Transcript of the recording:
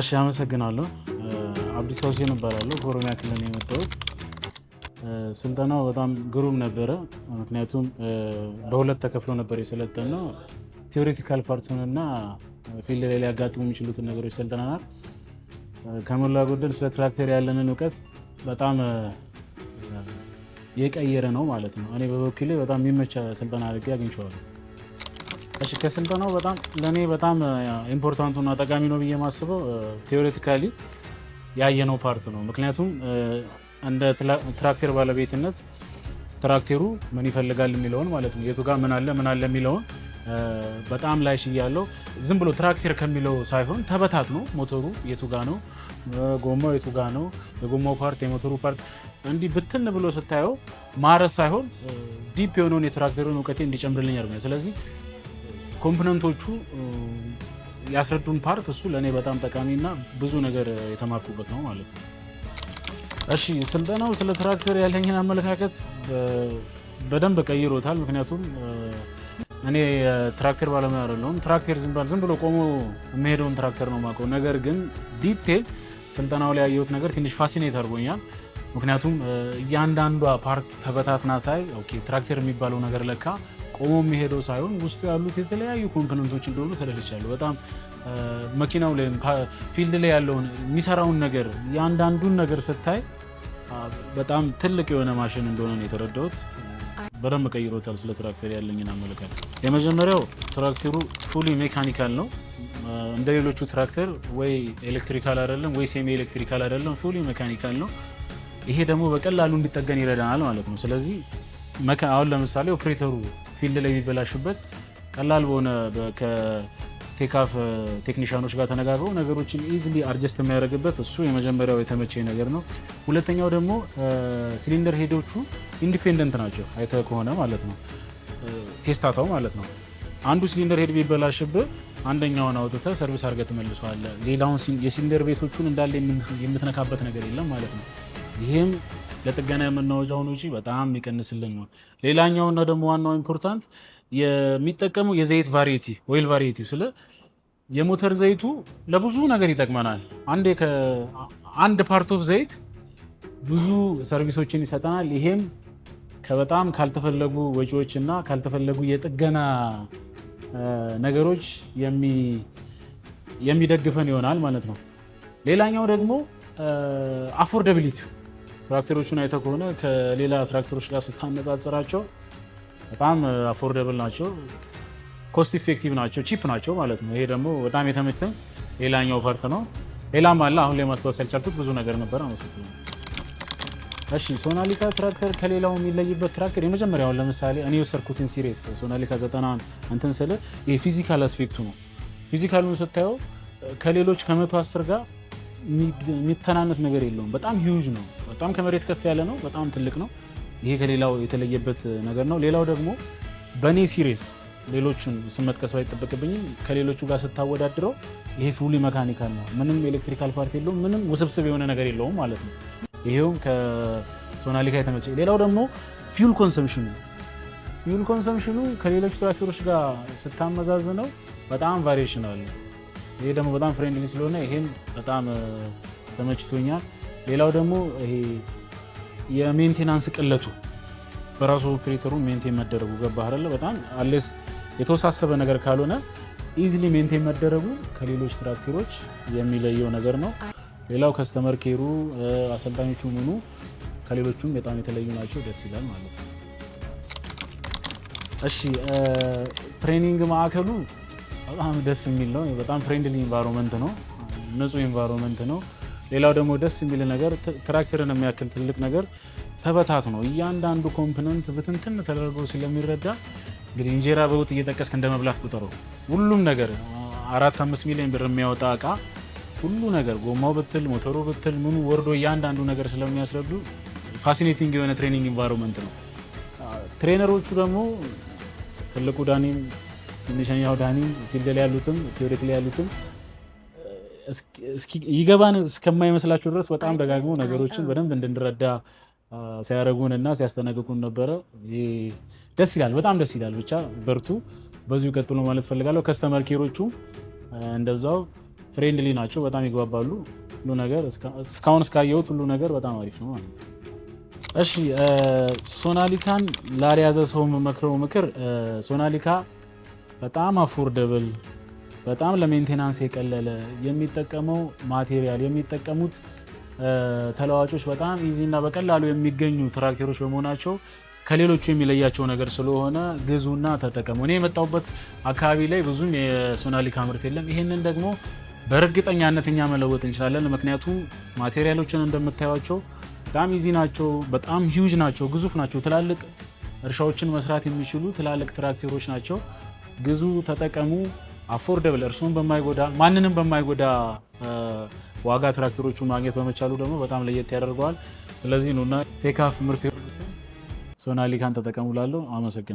እሺ አመሰግናለሁ። አብዲስ ሀውሴ እባላለሁ ከኦሮሚያ ክልል ነው የመጣሁት። ስልጠናው በጣም ግሩም ነበረ። ምክንያቱም በሁለት ተከፍሎ ነበር የሰለጠነው። ቴዎሬቲካል ፓርቱን እና ፊልድ ላይ ሊያጋጥሙ የሚችሉትን ነገሮች ሰልጠናናል። ከሞላ ጎደል ስለ ትራክተር ያለንን እውቀት በጣም የቀየረ ነው ማለት ነው። እኔ በበኩሌ በጣም የሚመቻ ስልጠና አድርጌ አግኝቼዋለሁ። እሺ ከስልጠናው በጣም ለእኔ በጣም ኢምፖርታንቱና ጠቃሚ ነው ብዬ የማስበው ቴዎሬቲካሊ ያየነው ፓርት ነው። ምክንያቱም እንደ ትራክቴር ባለቤትነት ትራክቴሩ ምን ይፈልጋል የሚለውን ማለት ነው የቱ ጋር ምን አለ ምን አለ የሚለውን በጣም ላይ ሽያለው። ዝም ብሎ ትራክቴር ከሚለው ሳይሆን ተበታት ነው ሞተሩ የቱ ጋ ነው፣ ጎማው የቱ ጋ ነው፣ የጎማው ፓርት የሞተሩ ፓርት እንዲህ ብትን ብሎ ስታየው ማረስ ሳይሆን ዲፕ የሆነውን የትራክተሩን እውቀቴ እንዲጨምርልኝ አድርጎኛል። ስለዚህ ኮምፖነንቶቹ ያስረዱን ፓርት እሱ ለእኔ በጣም ጠቃሚና ብዙ ነገር የተማርኩበት ነው ማለት ነው። እሺ ስልጠናው ስለ ትራክተር ያለኝን አመለካከት በደንብ ቀይሮታል። ምክንያቱም እኔ ትራክተር ባለሙያ አይደለሁም። ትራክተር ዝም ብሎ ቆሞ የሚሄደውን ትራክተር ነው የማውቀው። ነገር ግን ዲቴል ስልጠናው ላይ ያየሁት ነገር ትንሽ ፋሲኔት አድርጎኛል። ምክንያቱም እያንዳንዷ ፓርት ተበታትና ሳይ ኦኬ ትራክተር የሚባለው ነገር ለካ ቆሞ የሚሄደው ሳይሆን ውስጡ ያሉት የተለያዩ ኮምፖነንቶች እንደሆኑ ተረድቻለሁ። በጣም መኪናው ላይ ፊልድ ላይ ያለውን የሚሰራውን ነገር የአንዳንዱን ነገር ስታይ በጣም ትልቅ የሆነ ማሽን እንደሆነ ነው የተረዳሁት። በደንብ ቀይሮታል። ስለ ትራክተር ያለኝን አመለካከት የመጀመሪያው ትራክተሩ ፉሊ ሜካኒካል ነው። እንደ ሌሎቹ ትራክተር ወይ ኤሌክትሪካል አይደለም ወይ ሴሚ ኤሌክትሪካል አይደለም፣ ፉሊ ሜካኒካል ነው። ይሄ ደግሞ በቀላሉ እንዲጠገን ይረዳናል ማለት ነው። ስለዚህ አሁን ለምሳሌ ኦፕሬተሩ ፊልድ ላይ የሚበላሽበት ቀላል በሆነ ከቴካፍ ቴክኒሽያኖች ጋር ተነጋግሮ ነገሮችን ኢዝሊ አርጀስት የሚያደርግበት እሱ የመጀመሪያው የተመቸ ነገር ነው። ሁለተኛው ደግሞ ሲሊንደር ሄዶቹ ኢንዲፔንደንት ናቸው። አይተ ከሆነ ማለት ነው ቴስታታው ማለት ነው አንዱ ሲሊንደር ሄድ ቢበላሽብህ አንደኛውን አውጥተ ሰርቪስ አድርገህ ትመልሰዋለህ። ሌላውን የሲሊንደር ቤቶቹን እንዳለ የምትነካበት ነገር የለም ማለት ነው። ይህም ለጥገና የመናወጫ ሆኖ ውጪ በጣም የሚቀንስልን ነው። ሌላኛውና ደግሞ ዋናው ኢምፖርታንት የሚጠቀመው የዘይት ቫሪቲ ኦይል ቫሪቲ ስለ የሞተር ዘይቱ ለብዙ ነገር ይጠቅመናል። አንድ ፓርት ኦፍ ዘይት ብዙ ሰርቪሶችን ይሰጠናል። ይሄም ከበጣም ካልተፈለጉ ወጪዎች እና ካልተፈለጉ የጥገና ነገሮች የሚደግፈን ይሆናል ማለት ነው። ሌላኛው ደግሞ አፎርደብሊቲ ትራክተሮቹን አይተ ከሆነ ከሌላ ትራክተሮች ጋር ስታነጻጽራቸው በጣም አፎርደብል uh, ናቸው፣ ኮስት ኢፌክቲቭ ናቸው፣ ቺፕ ናቸው ማለት ነው። ይሄ ደግሞ በጣም የተመቸኝ ሌላኛው ፓርት ነው። ሌላም አለ አሁን ላይ ማስታወስ ያልቻልኩት ብዙ ነገር ነበር። አመሰግናለሁ። እሺ ሶናሊካ ትራክተር ከሌላው የሚለይበት ትራክተር የመጀመሪያውን ለምሳሌ እኔ የወሰድኩትን ሲሪስ ሶናሊካ ዘጠናን እንትን ስለ ይሄ ፊዚካል አስፔክቱ ነው። ፊዚካሉን ስታየው ከሌሎች ከመቶ አስር ጋር የሚተናነስ ነገር የለውም። በጣም ሂውጅ ነው። በጣም ከመሬት ከፍ ያለ ነው። በጣም ትልቅ ነው። ይሄ ከሌላው የተለየበት ነገር ነው። ሌላው ደግሞ በእኔ ሲሪስ ሌሎቹን ስመጥቀስ ባይጠበቅብኝም ከሌሎቹ ጋር ስታወዳድረው ይሄ ፉሊ መካኒካል ነው። ምንም ኤሌክትሪካል ፓርት የለውም። ምንም ውስብስብ የሆነ ነገር የለውም ማለት ነው። ይሄውም ከሶናሊካ የተመቸ። ሌላው ደግሞ ፊውል ኮንሰምሽኑ ፊውል ኮንሰምሽኑ ከሌሎች ትራክተሮች ጋር ነው በጣም ቫሪሽናል። አለው። ይሄ ደግሞ በጣም ፍሬንድሊ ስለሆነ ይሄም በጣም ተመችቶኛል። ሌላው ደግሞ ይሄ የሜንቴናንስ ቅለቱ በራሱ ኦፕሬተሩ ሜንቴን መደረጉ ገባ አይደለ? በጣም አሌስ የተወሳሰበ ነገር ካልሆነ ኢዚሊ ሜንቴን መደረጉ ከሌሎች ትራክተሮች የሚለየው ነገር ነው። ሌላው ከስተመር ኬሩ አሰልጣኞቹ ምኑ ከሌሎቹም በጣም የተለዩ ናቸው። ደስ ይላል ማለት ነው። እሺ ትሬኒንግ ማዕከሉ በጣም ደስ የሚል ነው። በጣም ፍሬንድሊ ኢንቫይሮንመንት ነው። ንጹህ ኢንቫይሮንመንት ነው። ሌላው ደግሞ ደስ የሚል ነገር ትራክተርን የሚያክል ትልቅ ነገር ተበታት ነው። እያንዳንዱ ኮምፖነንት ብትንትን ተደርጎ ስለሚረዳ እንግዲህ እንጀራ በውጥ እየጠቀስክ እንደ መብላት ቁጥሩ ሁሉም ነገር አራት አምስት ሚሊዮን ብር የሚያወጣ እቃ ሁሉ ነገር ጎማው ብትል ሞተሩ ብትል ምኑ ወርዶ እያንዳንዱ ነገር ስለሚያስረዱ ፋሲኔቲንግ የሆነ ትሬኒንግ ኢንቫይሮንመንት ነው። ትሬነሮቹ ደግሞ ትልቁ ዳኔም ትንሸኛው ዳኒ ፊልድ ላይ ያሉትም ቲዮሬት ላይ ያሉትም ይገባን እስከማይመስላቸው ድረስ በጣም ደጋግሞ ነገሮችን በደንብ እንድንረዳ ሲያደረጉን እና ሲያስጠነቅቁን ነበረ። ደስ ይላል፣ በጣም ደስ ይላል። ብቻ በርቱ፣ በዚሁ ቀጥሎ ማለት ፈልጋለሁ። ከስተመር ኬሮቹ እንደዛው ፍሬንድሊ ናቸው፣ በጣም ይግባባሉ። ሁሉ ነገር እስካሁን እስካየሁት ሁሉ ነገር በጣም አሪፍ ነው ማለት ነው። እሺ ሶናሊካን ላልያዘ ሰው መክረው ምክር ሶናሊካ በጣም አፎርደብል፣ በጣም ለሜንቴናንስ የቀለለ የሚጠቀመው ማቴሪያል የሚጠቀሙት ተለዋጮች በጣም ኢዚ እና በቀላሉ የሚገኙ ትራክተሮች በመሆናቸው ከሌሎቹ የሚለያቸው ነገር ስለሆነ ግዙና ተጠቀሙ። እኔ የመጣሁበት አካባቢ ላይ ብዙም የሶናሊካ ምርት የለም። ይህንን ደግሞ በእርግጠኛነት እኛ መለወጥ እንችላለን። ምክንያቱም ማቴሪያሎችን እንደምታዩቸው በጣም ኢዚ ናቸው፣ በጣም ሂውጅ ናቸው፣ ግዙፍ ናቸው። ትላልቅ እርሻዎችን መስራት የሚችሉ ትላልቅ ትራክተሮች ናቸው። ግዙ፣ ተጠቀሙ። አፎርደብል እርሱን በማይጎዳ ማንንም በማይጎዳ ዋጋ ትራክተሮቹን ማግኘት በመቻሉ ደግሞ በጣም ለየት ያደርገዋል። ስለዚህ ነውና ቴካፍ ምርት ሶናሊካን ተጠቀሙ ላለው አመሰግናል።